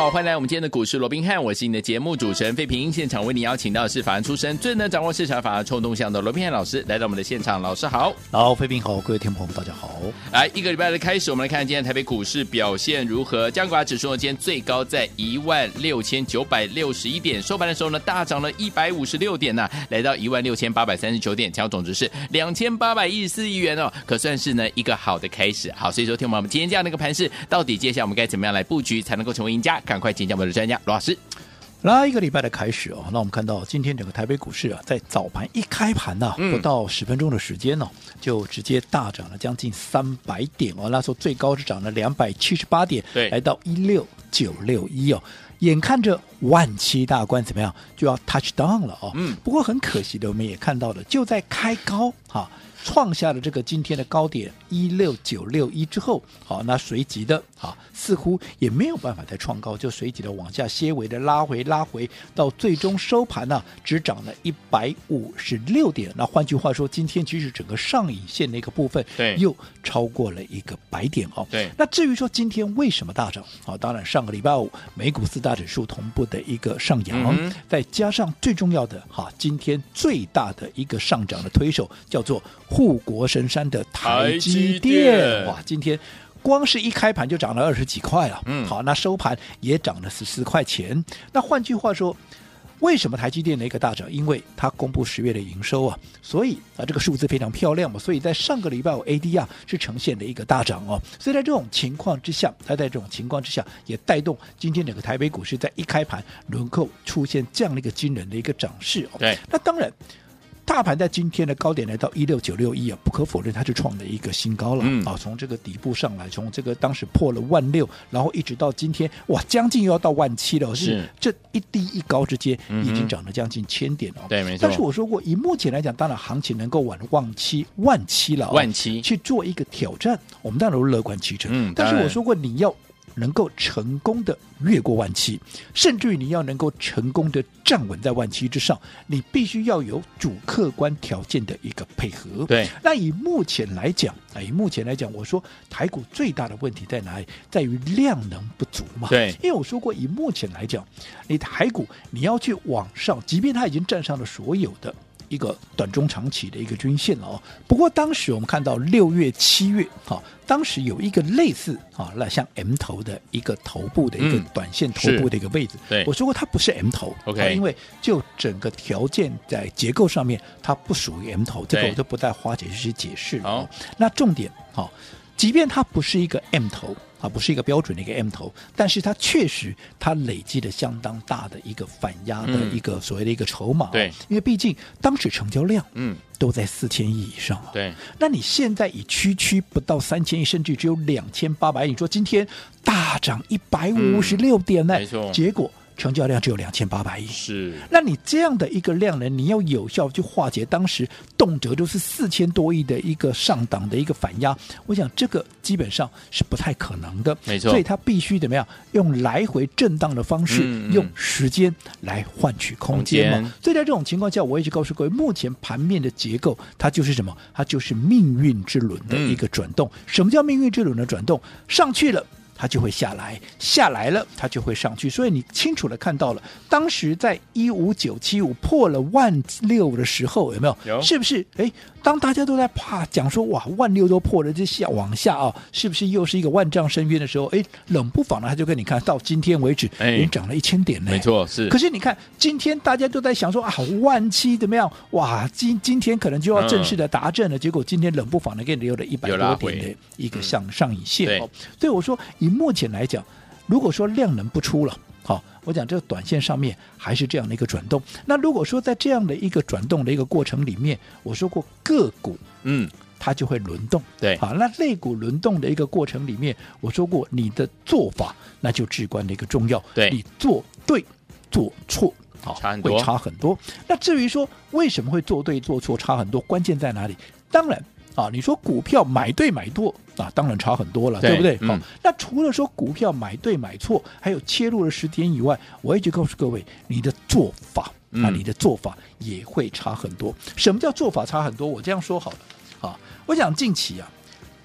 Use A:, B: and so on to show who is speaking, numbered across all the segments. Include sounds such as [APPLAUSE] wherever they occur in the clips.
A: 好，歡迎來我們今天的股市羅賓漢，我是你的節目主持人費平。現場為你邀請到的是法人出身、最能掌握市場法人動向的羅賓漢老師來到我們的現場。老師好，
B: 好，費平好，各位聽眾朋友大家好。
A: 來一個禮拜的開始，我們來看看今天台北股市表現如何。加權指數今天最高在一萬六千九百六十一點，收盤的時候呢大漲了一百五十六點吶、啊，來到一萬六千八百三十九點，成交總值是兩千八百一十四億元哦，可算是呢一個好的開始。好，所以說聽眾我們今天這樣的一個盤勢，到底接下來我們該怎麼樣來布局才能夠成為贏家？趕快
B: 請教我們的專家羅老師。來一個禮拜的開始哦，那我們看到今天整個台北股市啊，在早盤一開盤呢、啊，不到十分鐘的時間呢、哦嗯，就直接大漲了將近三百點哦，那時候最高是漲了兩百七十八點，對，來到一六九六一哦，眼看着萬七大關怎麼樣就要 touch down 了哦，嗯，不過很可惜的，我們也看到了，就在開高哈。啊創下了這個今天的高點一六九六一之後，好，那隨即的啊，似乎也沒有辦法再創高，就隨即的往下歇尾的拉回拉回到最終收盤呢、啊，只漲了一百五十六點。那換句話說，今天其實整個上影線的一個部分對，又超過了一個百點哦。對。那至於說今天為什麼大漲？好，當然上個禮拜五美股四大指數同步的一個上揚，嗯、再加上最重要的哈，今天最大的一個上漲的推手叫做。護國神山的台積，台積電，哇，今天光是一開盤就漲了二十幾塊了。嗯、好，那收盤也漲了十四塊錢。那換句話說，為什麼台積電的一個大漲？因為它公布十月的營收啊，所以啊，這個數字非常漂亮嘛。所以在上個禮拜五 A D 啊是呈現了一個大漲哦。所以在這種情況之下，它在這種情況之下也帶動今天整個台北股市在一開盤輪扣出現這樣的一個驚人的一個漲勢、哦、對，那當然。大盤在今天的高點來到一六九六一啊，不可否認它是創了一個新高了啊、嗯哦！從這個底部上來，從這個當時破了萬六，然後一直到今天，哇，將近又要到萬七了、哦！是，是這一低一高之間、嗯，已經漲了將近千點
A: 哦。對，沒錯。但是我
B: 說過，以目前來講，當然行情能夠往萬七、萬七了、哦，萬七去做一個挑戰，我們當然都樂觀其成。嗯，但是我說過，你要。能夠成功的越過萬七，甚至於你要能夠成功的站穩在萬七之上，你必須要有主客觀條件的一個配合。對，那以目前來講，哎，以目前來講，我說台股最大的問題在哪裡？在於量能不足嘛。對，因為我說過，以目前來講，你台股你要去往上，即便它已經站上了所有的。一個短中長期的一個均線了哦，不過當時我們看到六月、七月，哈、哦，當時有一個類似啊、哦，那像 M 頭的一個頭部的一個短線頭部的一個位置。嗯、我說過它不是 M 頭，OK，因為就整個條件在結構上面它不屬於 M 頭，okay. 這個我就不再花解去解釋了、哦。那重點，哈、哦，即便它不是一個 M 頭。啊，不是一個標準的一個 M 頭，但是它確實它累積了相當大的一個反壓的一個所謂的一個籌碼，嗯、對，因為畢竟當時成交量嗯都在四千億以上、啊、對，那你現在以區區不到三千億，甚至只有兩千八百億，你說今天大漲一百五十六點呢、哎嗯，沒錯，結果。成交量只有兩千八百億，是。那你這樣的一個量呢？你要有效去化解當時動輒就是四千多億的一個上檔的一個反壓，我想這個基本上是不太可能的，沒錯。所以它必須怎麼樣？用來回震盪的方式，嗯嗯、用時間來換取空間嘛空間。所以在這種情況下，我一直告訴各位，目前盤面的結構，它就是什麼？它就是命運之輪的一個轉動。嗯、什麼叫命運之輪的轉動？上去了，它就會下來，下來了它就會上去，所以你清楚的看到了，當時在一五九七五破了萬六的時候，有沒有，有？是不是？哎。當大家都在怕講說，哇，萬六都破了，這下往下啊、哦，是不是又是一個萬丈深淵的時候？哎，冷不防呢，他就跟你看到今天為止，哎，已經漲了一千點了沒錯，是。可是你看今天大家都在想說啊，萬七怎麼樣？哇，今今天可能就要正式的達陣了、嗯。結果今天冷不防的給你留了一百多點的一個向上影線、嗯。對，所、哦、以我說以目前來講，如果說量能不出了。我講這個短線上面還是這樣的一個轉動。那如果說在這樣的一個轉動的一個過程裡面，我說過個股，嗯，它就會輪動，嗯、對，好，那類股輪動的一個過程裡面，我說過你的做法那就至關的一個重要，對，你做對做錯
A: 好，差很多，會差
B: 很多。那至於說為什麼會做對做錯差很多，關鍵在哪裡？當然。啊，你說股票買對買錯啊，當然差很多了，對，對不對？好、嗯啊，那除了說股票買對買錯，還有切入的時間以外，我也就告訴各位，你的做法啊，你的做法也會差很多、嗯。什麼叫做法差很多？我這樣說好了，啊，我想近期啊，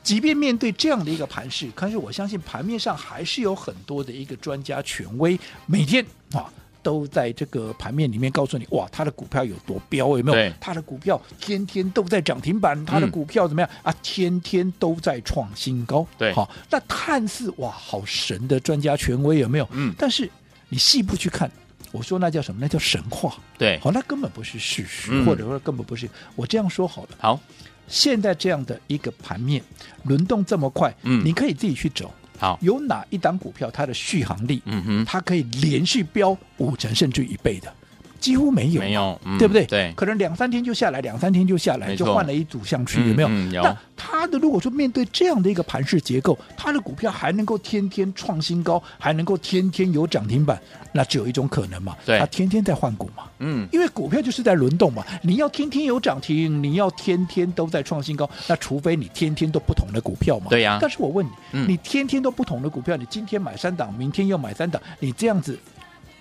B: 即便面對這樣的一個盤勢，可是我相信盤面上還是有很多的一個專家權威每天啊。都在這個盤面裡面告訴你，哇，他的股票有多飆，有沒有？他的股票天天都在漲停板，嗯、他的股票怎麼樣啊？天天都在創新高，對，好，那看似哇，好神的專家權威，有沒有？嗯，但是你細部去看，我說那叫什麼？那叫神話，對，好，那根本不是事實，嗯、或者說根本不是。我這樣說好了，好，現在這樣的一個盤面輪動這麼快、嗯，你可以自己去走。好，有哪一檔股票它的續航力，嗯哼，它可以連續飆五成甚至一倍的？嗯幾乎沒有，沒有、嗯，對不對？對，可能兩三天就下來，兩三天就下來，就換了一組象區。有沒有？嗯嗯、那有他的如果說面對這樣的一個盤式結構，他的股票還能夠天天創新高，還能夠天天有漲停板，那只有一種可能嘛？對，他天天在換股嘛？嗯，因為股票就是在輪動嘛。你要天天有漲停，你要天天都在創新高，那除非你天天都不同的股票嘛？對呀、啊。但是我問你、嗯，你天天都不同的股票，你今天買三檔，明天又買三檔，你這樣子？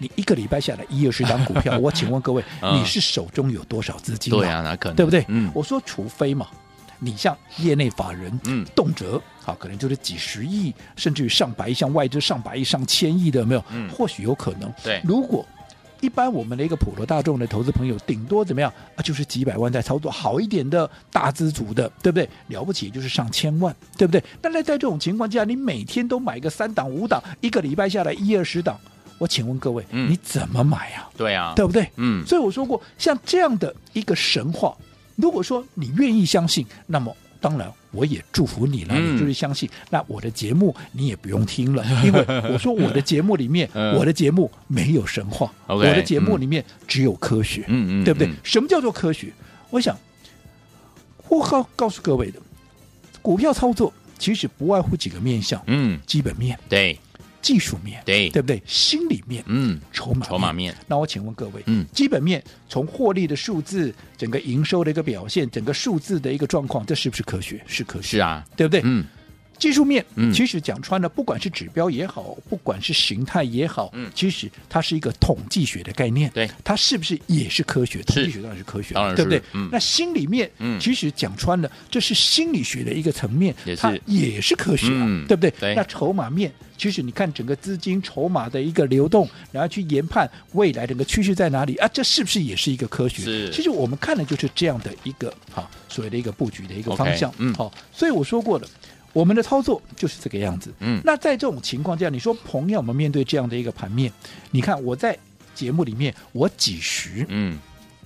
B: 你一個禮拜下來一二十張股票， [LAUGHS] 我請問各位、嗯，你是手中有多少資金？對啊，哪可能？對不對？嗯、我說，除非嘛，你像業內法人，嗯，動輒啊，可能就是幾十億，甚至於上百億、像外資上百億、上千億的，有沒有、嗯，或許有可能。對，如果一般我們的一個普羅大眾的投資朋友，頂多怎麼樣？就是幾百萬在操作，好一點的大資族的，對不對？了不起就是上千萬，對不對？但是在這種情況下，你每天都買個三檔五檔，一個禮拜下來一二十檔。我請問各位、嗯，你怎麼買啊？對呀、啊，對不對？嗯。所以我說過，像這樣的一個神話，如果說你願意相信，那麼當然我也祝福你了。嗯、你就是相信，那我的節目你也不用聽了，嗯、因為我說我的節目裡面， [LAUGHS] 我的節目裡面呃、我的節目沒有神話，Okay, 我的節目裡面只有科學，嗯嗯，對不對、嗯嗯？什麼叫做科學？我、嗯、想、嗯，我告告訴各位的，股票操作其實不外乎幾個面向，嗯，基本面，對。技術面，對，對不對？心理面，嗯，籌碼，籌碼面。那我請問各位，嗯，基本面從獲利的數字、整個營收的一個表現、整個數字的一個狀況，這是不是科學？是科學，是啊，對不對？嗯。技術面、嗯，其實講穿了，不管是指標也好，不管是形態也好、嗯，其實它是一個統計學的概念，對，它是不是也是科學？統計學，學當然是科學，對不對？嗯、那心理面、嗯，其實講穿了，這是心理學的一個層面，也它也是科學、啊嗯，對不對，對？那籌碼面，其實你看整個資金籌碼的一個流動，然後去研判未來整個趨勢在哪裡啊，這是不是也是一個科學？其實我們看的就是這樣的一個所謂的一個佈局的一個方向，okay, 嗯，好，所以我說過的。我們的操作就是這個樣子。嗯，那在這種情況下，你說朋友們面對這樣的一個盤面，你看我在節目裡面，我幾時嗯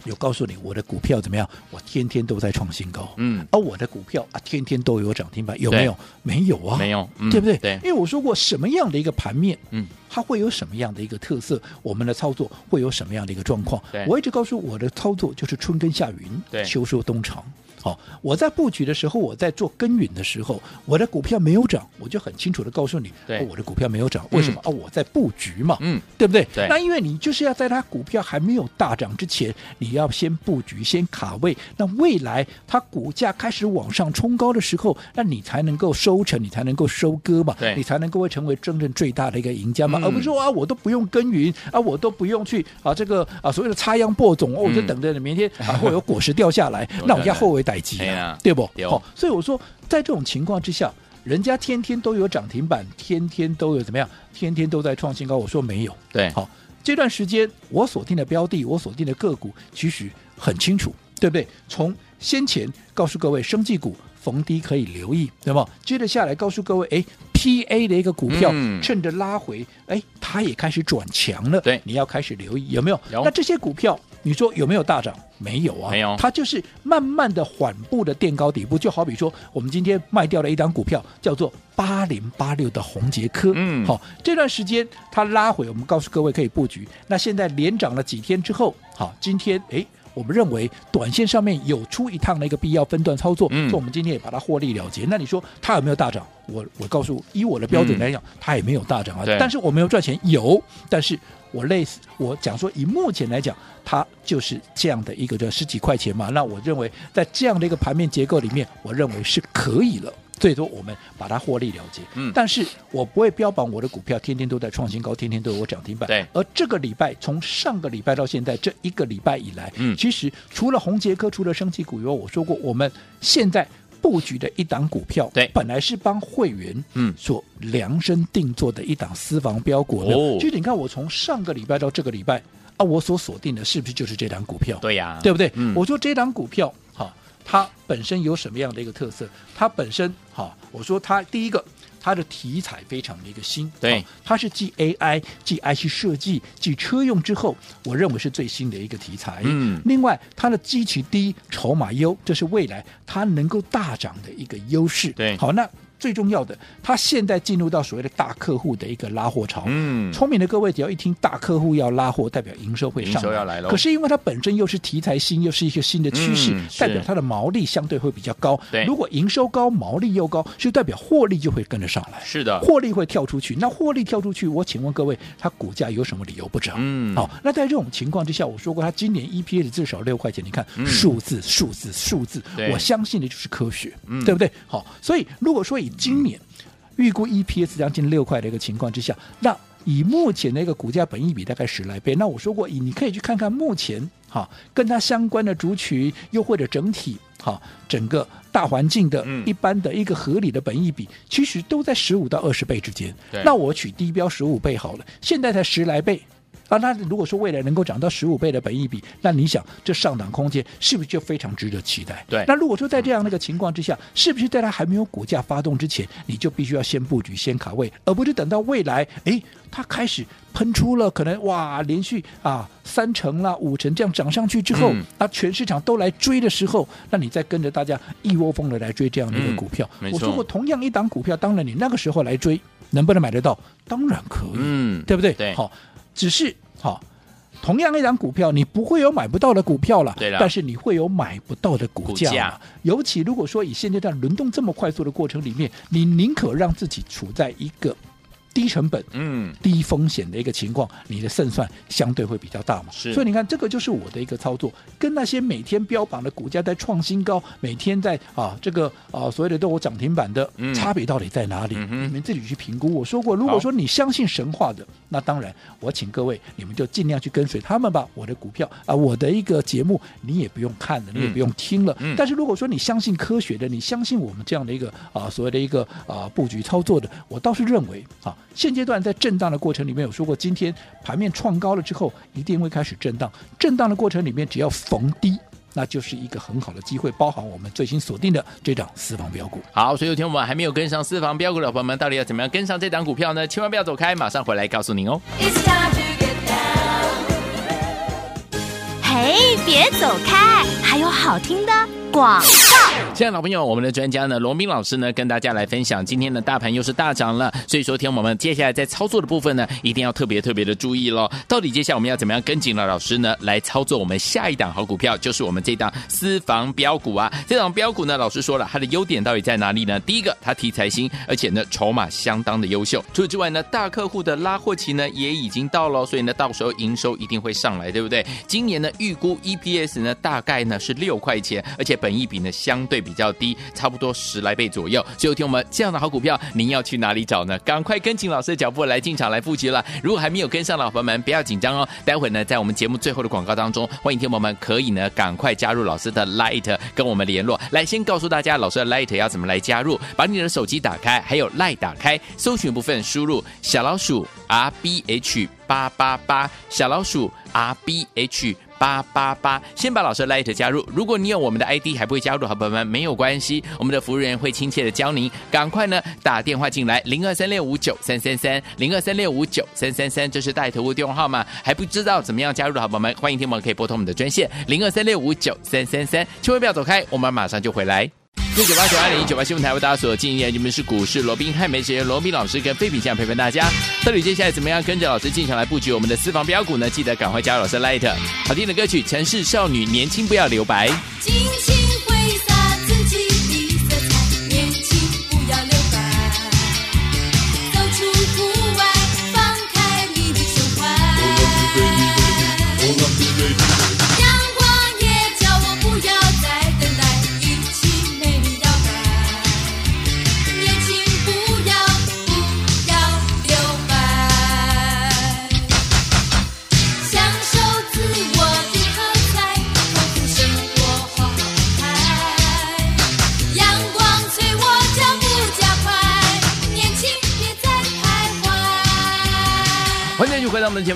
B: 有告訴你我的股票怎麼樣？我天天都在創新高。嗯，而我的股票啊，天天都有漲停板，有沒有？沒有啊，沒有、嗯，對不對？對，因為我說過什麼樣的一個盤面，嗯，它會有什麼樣的一個特色？我們的操作會有什麼樣的一個狀況？對，我一直告訴我的操作就是春耕夏耘，對，秋收冬藏。好、哦，我在布局的時候，我在做耕耘的時候，我的股票沒有漲，我就很清楚的告訴你、哦，我的股票沒有漲，為什麼、嗯、啊？我在布局嘛，嗯，對不對？對。那因為你就是要在他股票還沒有大漲之前，你要先布局，先卡位。那未來他股價開始往上衝高的時候，那你才能夠收成，你才能夠收割嘛，對，你才能夠成為真正最大的一個贏家嘛。嗯、而不是說啊，我都不用耕耘啊，我都不用去啊這個啊所謂的插秧播種、嗯、哦，我就等着你明天啊 [LAUGHS] 會有果實掉下來， [LAUGHS] 那我要後悔。累積、哎，對不對？好，所以我說，在這種情況之下，人家天天都有漲停板，天天都有怎麼樣，天天都在創新高。我說沒有，對。好，這段時間我鎖定的標的，我鎖定的個股，其實很清楚，對不對？從先前告訴各位，生技股逢低可以留意，對嗎？接着下來告訴各位，哎，PA 的一個股票，嗯、趁着拉回，哎，它也開始轉強了，對，你要開始留意有沒有，有？那這些股票。你說有沒有大漲？沒有啊，沒有，它就是慢慢的、緩步的墊高底部。就好比說，我們今天賣掉了一檔股票，叫做八零八六的宏捷科。嗯，好，這段時間它拉回，我們告訴各位可以布局。那現在連漲了幾天之後，好，今天誒。我們認為短線上面有出一趟的一個必要，分段操作，所以我們今天也把它獲利了結。嗯，那你說它有沒有大漲？我我告訴，以我的標準來講，嗯，它也沒有大漲啊。但是我沒有賺錢，有，但是我類似，我講說，以目前來講，它就是這樣的一個就十幾塊錢嘛。那我認為，在這樣的一個盤面結構裡面，我認為是可以了。最多我們把它獲利了結，嗯，但是我不會標榜我的股票天天都在創新高，天天都有漲停板。而這個禮拜從上個禮拜到現在這一個禮拜以來，嗯，其實除了宏捷科、除了升級股以外，我說過我們現在布局的一檔股票，對，本來是幫會員嗯所量身定做的一檔私房標股，哦，其實，就是，你看我從上個禮拜到這個禮拜啊，我所鎖定的是不是就是這檔股票？
A: 對呀，啊，對不對，嗯？我
B: 說這檔股票。它本身有什麼樣的一個特色？它本身哈，我說它第一個，它的題材非常的一個新，對，它是繼 AI、繼 IC 設計、繼車用之後，我認為是最新的一個題材。嗯，另外它的基期低，籌碼優，這是未來它能夠大漲的一個優勢。對，好，那。最重要的，他現在進入到所謂的大客戶的一個拉貨潮。嗯，聰明的各位只要一聽大客戶要拉貨，代表營收會上來，營收要來了。可是因為它本身又是題材新，又是一個新的趨勢，嗯、代表它的毛利相對會比較高。對，如果營收高，毛利又高，就代表獲利就會跟得上來。是的，獲利會跳出去。那獲利跳出去，我請問各位，它股價有什麼理由不漲？嗯，好。那在這種情況之下，我說過，它今年 EPS 的至少六塊錢。你看、嗯、數字，數字，數字，我相信的就是科學、嗯，對不對？好，所以如果說以今年預估 EPS 將近六塊的一個情況之下，那以目前的一個股價本益比大概十來倍，那我說過，以你可以去看看目前哈、啊、跟它相關的族群又或者整體哈、啊、整個大環境的一般的一個合理的本益比，嗯、其實都在十五到二十倍之間。那我取低標十五倍好了，現在才十來倍。啊，那如果說未來能夠漲到十五倍的本益比，那你想這上漲空間是不是就非常值得期待？對。那如果說在這樣的一個情況之下、嗯，是不是在它還沒有股價發動之前，你就必須要先布局、先卡位，而不是等到未來，誒，它開始噴出了，可能哇，連續啊三成啦、啊、五成這樣漲上去之後，那、嗯啊、全市場都來追的時候，那你再跟着大家一窩蜂的來追這樣的一個股票、嗯。沒錯。我做過同樣一檔股票，當然你那個時候來追，能不能買得到？當然可以。嗯，對不對？對。好。只是，好、哦，同樣一張股票，你不會有買不到的股票了，對了，但是你會有買不到的股價，股價。尤其如果說以現階段輪動這麼快速的過程裡面，你寧可讓自己處在一個。低成本，嗯，低風險的一個情況，你的勝算相對會比較大嘛？是，所以你看，這個就是我的一個操作，跟那些每天標榜的股價在創新高，每天在啊這個啊所謂的都有漲停板的差別到底在哪裡？嗯，你們自己去評估。我說過，如果說你相信神話的，那當然我請各位你們就盡量去跟隨他們吧。我的股票啊，我的一個節目，你也不用看了，你也不用聽了。嗯，但是如果說你相信科學的，你相信我們這樣的一個啊所謂的一個啊布局操作的，我倒是認為啊。現階段在震盪的過程裡面，有說過，今天盤面創高了之後，一定會開始震盪。震盪的過程裡面，只要逢低，那就是一個很好的機會，包含我們最新鎖定的這檔私房標股。
A: 好，所以今天我們還沒有跟上私房標股的朋友們，到底要怎麼樣跟上這檔股票呢？千萬不要走開，馬上回來告訴您哦。嘿，hey, 別走開，還有好聽的。廣告，現在老朋友，我們的專家呢，文彬老師呢，跟大家來分享，今天的大盤又是大漲了，所以說天我們接下來在操作的部分呢，一定要特別特別的注意嘍。到底接下來我們要怎麼樣跟緊了老師呢，來操作我們下一檔好股票，就是我們這檔私房標股啊。這檔標股呢，老師說了，它的優點到底在哪裡呢？第一個，它題材新，而且呢，籌碼相當的優秀。除此之外呢，大客戶的拉貨期呢也已經到了，所以呢，到時候營收一定會上來，對不對？今年呢，預估 EPS 呢大概呢是六塊錢，而且。本益比呢相對比較低，差不多十來倍左右。所以聽我們這樣的好股票，您要去哪裡找呢？趕快跟緊老師的腳步來進場來佈局了。如果還沒有跟上老朋友們，不要緊張哦。待會呢，在我們節目最後的廣告當中，歡迎聽友們可以呢趕快加入老師的 Light 跟我們聯絡。來，先告訴大家老師的 Light 要怎麼來加入？把你的手機打開，還有 Light 打開，搜尋部分輸入小老鼠 R B H 八八八，小老鼠 R B H，八八八，先把老師的 Light 加入。如果你有我們的 ID 還不會加入好好，好朋友們沒有關係，我們的服務員會親切的教您。趕快呢打電話進來，零二三六五九三三三，零二三六五九三三三，這是帶頭物電話號碼。還不知道怎麼樣加入的好朋友們，歡迎聽友們可以撥通我們的專線零二三六五九三三三，千萬不要走開，我們馬上就回來。
B: 九八九二零一九八
A: 新聞台為大家所經營，你們是股市羅賓漢梅職院羅賓老師跟菲比醬陪伴大家，到底接下來怎麼樣跟着老師進場來布局我們的私房標股呢？記得趕快加入老師 light，好聽的歌曲《城市少女》，年輕不要留白。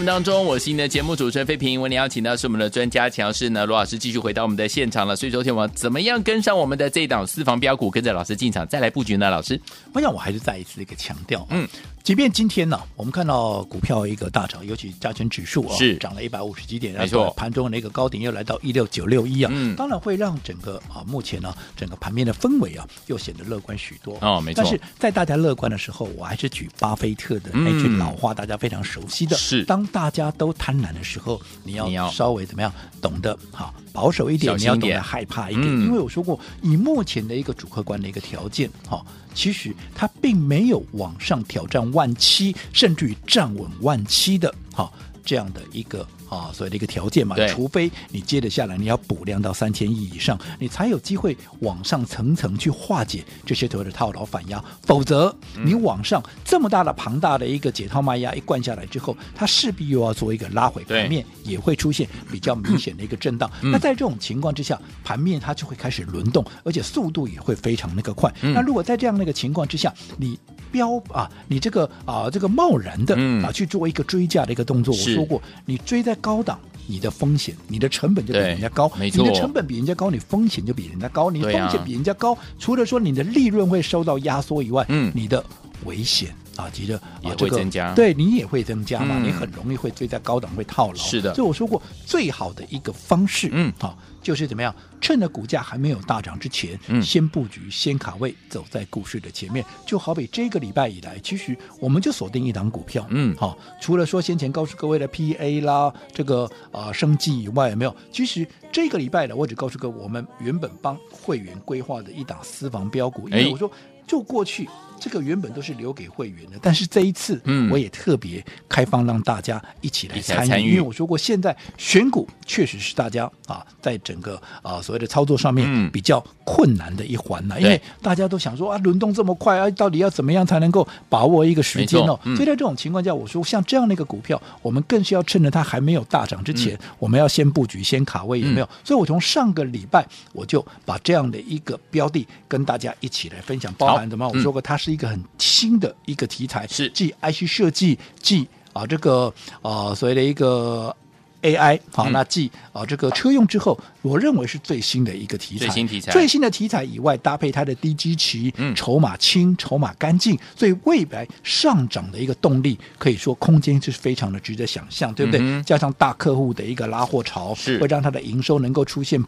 A: 當中，我是你的節目主持人費平，為您邀請到是我們的專家強勢呢。羅老師繼續回到我們的現場了。所以今天我怎麼樣跟上我們的這一檔私房飆股，跟着老師進場再來布局呢？老師，我想我
B: 還是再一次的一個強調，嗯。即便今天呢、啊，我們看到股票一個大漲，尤其加權指數啊，是漲了一百五十幾點，然後盤中的一個高點又來到一六九六一啊，嗯，當然會讓整個啊目前呢、啊，整個盤面的氛圍啊，又顯得樂觀許多哦沒錯。但是在大家樂觀的時候，我還是舉巴菲特的那句老話、嗯，大家非常熟悉的，是當大家都貪婪的時候，你要稍微怎麼樣，懂得啊，保守一點，小心一點你要懂得，害怕一點、嗯，因為我說過，以目前的一個主客觀的一個條件，哈、啊。其實他並沒有往上挑戰萬七，甚至於站穩萬七的，好、哦、這樣的一個。啊、哦，所以的一個條件嘛，除非你接着下來，你要補量到三千億以上，你才有機會往上層層去化解這些所謂的套牢反壓，否則、嗯、你往上這麼大的龐大的一個解套賣壓一灌下來之後，它勢必又要做一個拉回，盤面對也會出現比較明顯的一個震盪、嗯。那在這種情況之下，盤面它就會開始輪動，而且速度也會非常那個快。嗯、那如果在這樣的一個情況之下，你。標啊，你這個啊、呃，這個貿然的、嗯、啊去做一個追價的一個動作，我說過，你追在高檔，你的風險、你的成本就比人家高，你的成本比人家高，你風險就比人家高，啊、你風險比人家高，除了說你的利潤會受到壓縮以外，嗯、你的危險。着啊，急着也會增加，這個、對你也會增加嘛、嗯，你很容易會追在高檔會套牢。是的，所以我說過，最好的一個方式，嗯，好、哦，就是怎麼樣，趁着股價還沒有大漲之前、嗯，先布局，先卡位，走在股市的前面。就好比這個禮拜以來，其實我們就鎖定一檔股票，嗯，好、哦，除了說先前告訴各位的 P A 啦，這個啊、呃、升級以外，有沒有？其實這個禮拜呢，我只告訴各位，我們原本幫會員規劃的一檔私房飆股，哎、因為我說。就過去，這個原本都是留給會員的，但是這一次，我也特別開放讓大家一起來參與。嗯、因為我說過，現在選股確實是大家啊，在整個啊所謂的操作上面比較困難的一環吶、啊嗯。因為大家都想說啊，輪動這麼快啊，到底要怎麼樣才能夠把握一個時間哦？嗯、所以在這種情況下，我說像這樣的一個股票，我們更需要趁着它還沒有大漲之前，嗯、我們要先布局，先卡位，有沒有？嗯、所以，我從上個禮拜我就把這樣的一個標的跟大家一起來分享。哦的嘛、嗯，我說過，它是一個很新的一個題材，是繼 IC 設計，繼啊這個啊所謂的一個 AI，好、嗯哦，那繼啊、呃、這個車用之後，我認為是最新的一個題材，最新題材，最新的題材以外，搭配它的低基期、嗯，籌碼輕，籌碼乾淨，所以未來上漲的一個動力，可以說空間是非常的值得想象，對不對？嗯、加上大客戶的一個拉貨潮，會讓它的營收能夠出現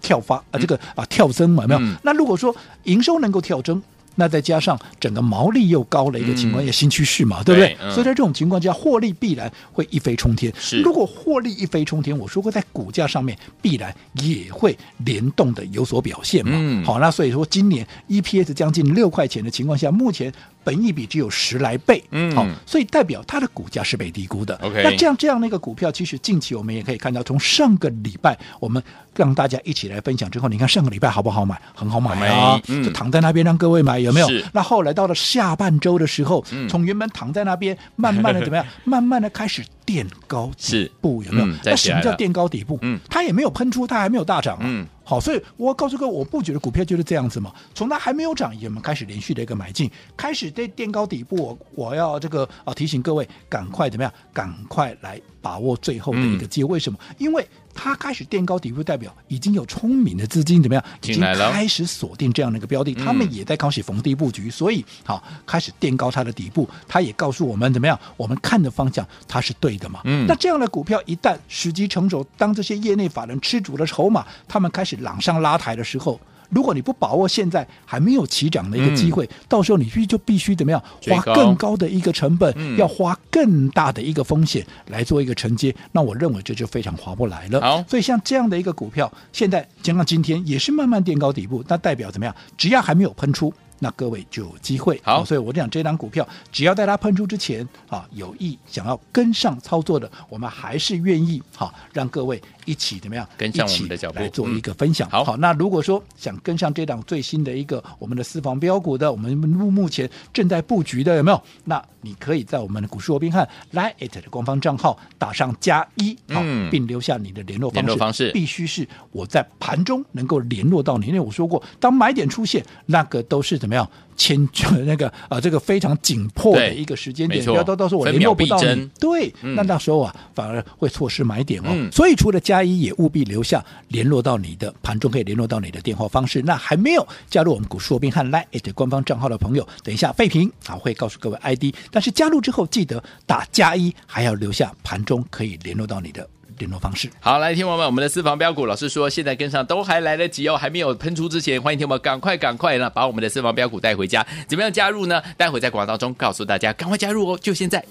B: 跳發啊、呃，這個啊、呃、跳增嘛，有沒有、嗯？那如果說營收能夠跳增，那再加上整個毛利又高了一個情況下，嗯、新趨勢嘛，對不對，對、嗯？所以在這種情況下，獲利必然會一飛衝天。如果獲利一飛衝天，我說過，在股價上面必然也會聯動的有所表現嘛。嗯、好，那所以說，今年 EPS 將近六塊錢的情況下，目前。本益比只有十來倍，嗯，好、哦，所以代表它的股價是被低估的。O、嗯、K，那這樣這樣的一個股票，其實近期我們也可以看到，從上個禮拜我們讓大家一起來分享之後，你看上個禮拜好不好買？很好買啊，嗯、就躺在那邊讓各位買，有沒有？那後來到了下半週的時候，從原本躺在那邊，慢慢的怎麼樣？ [LAUGHS] 慢慢的開始。墊高底部
A: 有沒有，嗯？那什麼叫墊
B: 高底部？它也沒有噴出，它還沒有大漲、啊、嗯，好，所以我要告訴各位，我不覺得股票就是這樣子嘛。從它還沒有漲，也沒開始連續的一個買進，開始在墊高底部，我我要這個啊提醒各位，趕快怎麼樣？趕快來把握最後的一個機會。嗯、為什麼？因為。他開始墊高底部，代表已經有聰明的資金怎麼樣？已經開始鎖定這樣的一個標的，他們也在開始逢低布局，嗯、所以好、哦、開始墊高它的底部。它也告訴我們怎麼樣？我們看的方向它是對的嘛、嗯？那這樣的股票一旦時機成熟，當這些業內法人吃足了籌碼，他們開始往上拉抬的時候，如果你不把握現在還沒有起漲的一個機會，嗯、到時候你必須就必須怎麼樣花更高的一個成本、嗯，要花更大的一個風險來做一個承接，那我認為這就非常划不來了。所以像這樣的一個股票，現在將到今天也是慢慢墊高底部，那代表怎麼樣？只要還沒有噴出，那各位就有機會。好，啊、所以我想，這檔股票只要在它噴出之前啊，有意想要跟上操作的，我們還是願意好、啊、讓各位。一起怎麼樣跟上我們的腳步來做一個分享、嗯好？好，那如果說想跟上這檔最新的一個我們的私房標股的，我們目目前正在布局的有沒有？那你可以在我們的股市羅賓漢 l 艾特的官方賬號打上加一，好、嗯，並留下你的聯絡方式。方式必須是我在盤中能夠聯絡到你，因為我說過，當買點出現，那個都是怎麼樣？籤就那個啊、呃，這個非常緊迫的一個時間點，不要到到時候我聯絡不到你，對、嗯，那到時候啊反而會錯失買點哦、嗯。所以除了加一，也務必留下聯絡到你的盤中可以聯絡到你的電話方式。那還沒有加入我們股市羅賓漢 LINE@ 官方賬號的朋友，等一下背屏啊會告訴各位 ID。但是加入之後記得打加一，還要留下盤中可以聯絡到你的。聯絡方式
A: 好，來，聽我們，我們的私房飆股，老師說，現在跟上都還來得及哦，還沒有噴出之前，歡迎聽我們趕快趕快呢，把我們的私房飆股帶回家。怎麼樣加入呢？待會在廣告中告訴大家，趕快加入哦，就現在。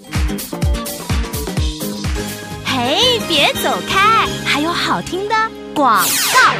A: 嘿，hey，別走開，還有好聽的。廣告，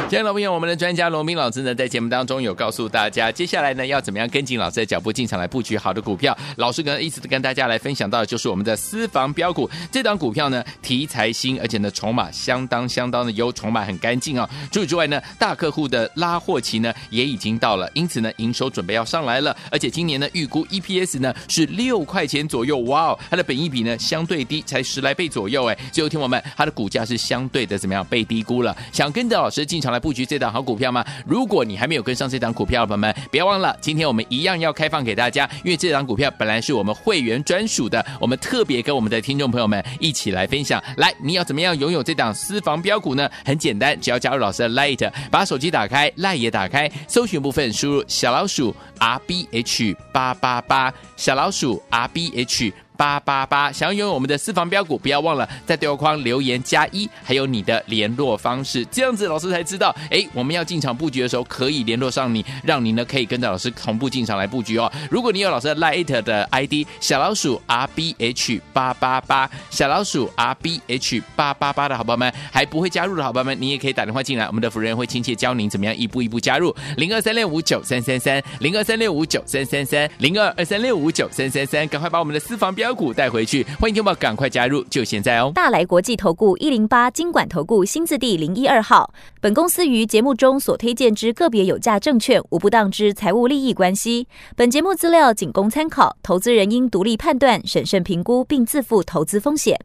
A: 今天老朋友，我們的專家羅文彬老師呢，在節目當中有告訴大家，接下來呢要怎麼樣跟緊老師的腳步進場來布局好的股票。老師跟一直跟大家來分享到的就是我們的私房標股，這檔股票呢，題材新，而且呢籌碼相當相當的優，籌碼很乾淨啊、哦。除此之外呢，大客戶的拉貨期呢也已經到了，因此呢營收準備要上來了。而且今年呢預估 EPS 呢是六塊錢左右，哇哦，它的本益比呢相對低，才十來倍左右，哎，最後聽我們，它的股價是相對的怎麼樣被低估了，相。跟着老師進場來布局這檔好股票嗎？如果你還沒有跟上這檔股票的，朋友們，別忘了，今天我們一樣要開放給大家，因為這檔股票本來是我們會員專屬的，我們特別跟我們的聽眾朋友們一起來分享。來，你要怎麼樣擁有這檔私房標股呢？很簡單，只要加入老師的 LINE，把手機打開，LINE 也打開，搜尋部分輸入小老鼠 R B H 八八八，小老鼠 R B H。八八八，想要擁有我們的私房標股，不要忘了在對話框留言加一，還有你的聯絡方式，這樣子老師才知道。哎、欸，我們要進場布局的時候，可以聯絡上你，讓你呢可以跟着老師同步進場來布局哦。如果你有老師的 LINE 的 ID 小老鼠 R B H 八八八，小老鼠 R B H 八八八的好朋友們，還不會加入的好朋友們，你也可以打電話進來，我們的夫人會親切教您怎麼樣一步一步加入零二三六五九三三三零二三六五九三三三零二二三六五九三三三，趕快把我們的私房標。股帶回去，歡迎聽友趕快加入，就現在哦！
B: 大來國際投顧一零八，金管投顧新字第零一二號，本公司於節目中所推薦之個別有價證券無不當之財務利益關係。本節目資料僅供參考，投資人應獨立判斷、審慎評估並自負投資風險。